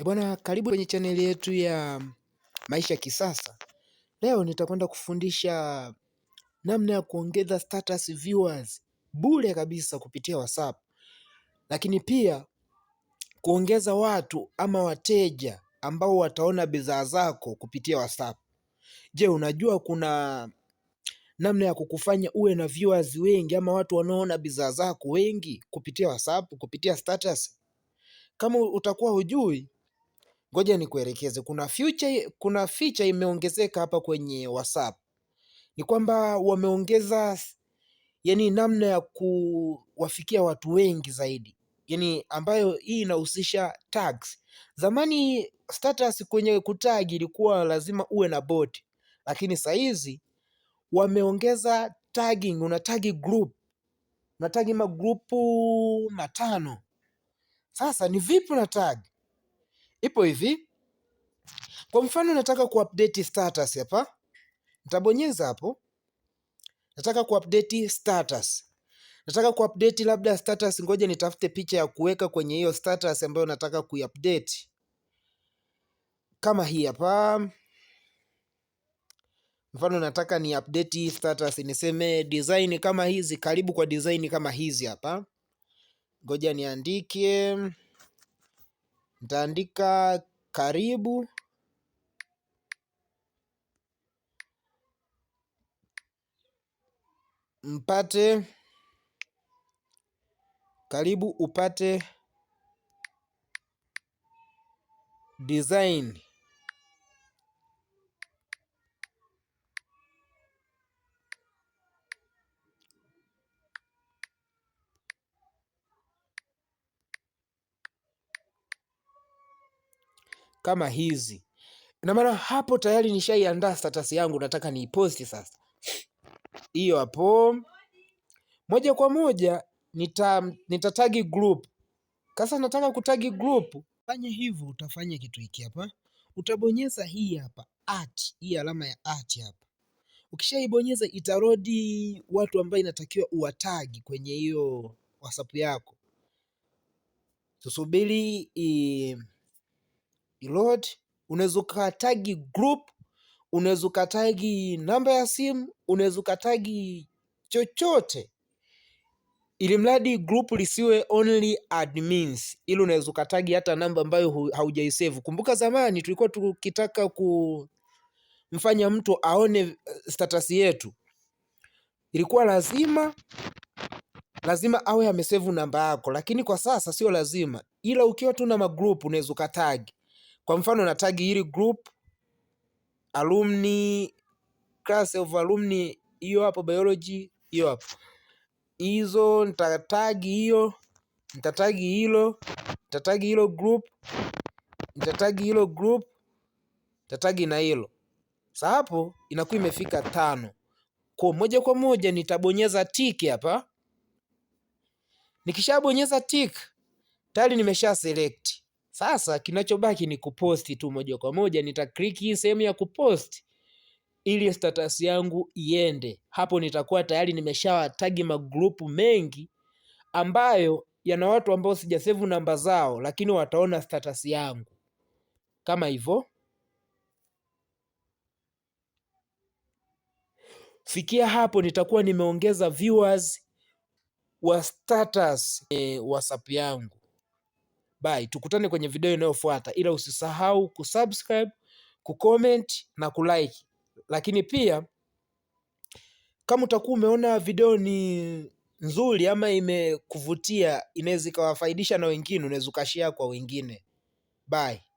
E bwana, karibu kwenye chaneli yetu ya maisha ya kisasa. Leo nitakwenda kufundisha namna ya kuongeza status viewers bure kabisa kupitia WhatsApp, lakini pia kuongeza watu ama wateja ambao wataona bidhaa zako kupitia WhatsApp. Je, unajua kuna namna ya kukufanya uwe na viewers wengi ama watu wanaoona bidhaa zako wengi kupitia WhatsApp, kupitia status? Kama utakuwa hujui Ngoja nikuelekeze, kuna future, kuna feature imeongezeka hapa kwenye WhatsApp ni kwamba wameongeza yani namna ya kuwafikia watu wengi zaidi, yani ambayo hii inahusisha tags. Zamani status kwenye kutag ilikuwa lazima uwe na bot, lakini sasa hizi wameongeza tagging. Una tag group, una magrupu matano. Sasa ni vipi na tag? ipo hivi. Kwa mfano nataka kuupdate status hapa, nitabonyeza hapo. Nataka kuupdate status, nataka kuupdate labda status, ngoja nitafute picha ya kuweka kwenye hiyo status ambayo nataka kuiupdate, kama hii hapa. Mfano nataka ni update hii status, niseme design kama hizi, karibu kwa design kama hizi hapa, ngoja niandike Nitaandika karibu mpate, karibu upate design. kama hizi. Ina maana hapo tayari nishaiandaa status yangu, nataka niiposti sasa. Hiyo hapo moja kwa moja nita nitatagi group. Sasa nataka kutagi group, fanya hivyo, utafanya kitu hiki hapa, utabonyeza hii hapa at, hii alama ya at hapa. Ukishaibonyeza itarodi watu ambao inatakiwa uwatagi kwenye hiyo WhatsApp yako. Tusubiri i Lord, unaweza ukatagi group, unaweza ukatagi namba ya simu, unaweza ukatagi chochote, ili mradi group lisiwe only admins, ili unaweza ukatagi hata namba ambayo haujaisave. Kumbuka zamani tulikuwa tukitaka kumfanya mtu aone eh, status yetu, ilikuwa lazima lazima awe amesevu namba yako, lakini kwa sasa sio lazima, ila ukiwa tu na magrupu unaweza ukatagi. Kwa mfano na tagi hili group alumni class of alumni, hiyo hapo biology, hiyo hapo hizo nitatagi hiyo, nitatagi hilo, nitatagi hilo group, nitatagi hilo group, nitatagi na hilo. sa hapo inakuwa imefika tano. Kwa moja kwa moja nitabonyeza tick hapa. Nikishabonyeza tick tayari nimesha select. Sasa kinachobaki ni kuposti tu moja kwa moja. nitakliki hii sehemu ya kuposti ili status yangu iende hapo. Nitakuwa tayari nimeshawatagi magrupu mengi ambayo yana watu ambao sijasevu namba zao, lakini wataona status yangu kama hivyo. Fikia hapo nitakuwa nimeongeza viewers wa status e, WhatsApp yangu. Bye. Tukutane kwenye video inayofuata, ila usisahau kusubscribe, kucomment na kulike. Lakini pia kama utakuwa umeona video ni nzuri ama imekuvutia, inaweza ikawafaidisha na wengine, unaweza ukashare kwa wengine. Bye.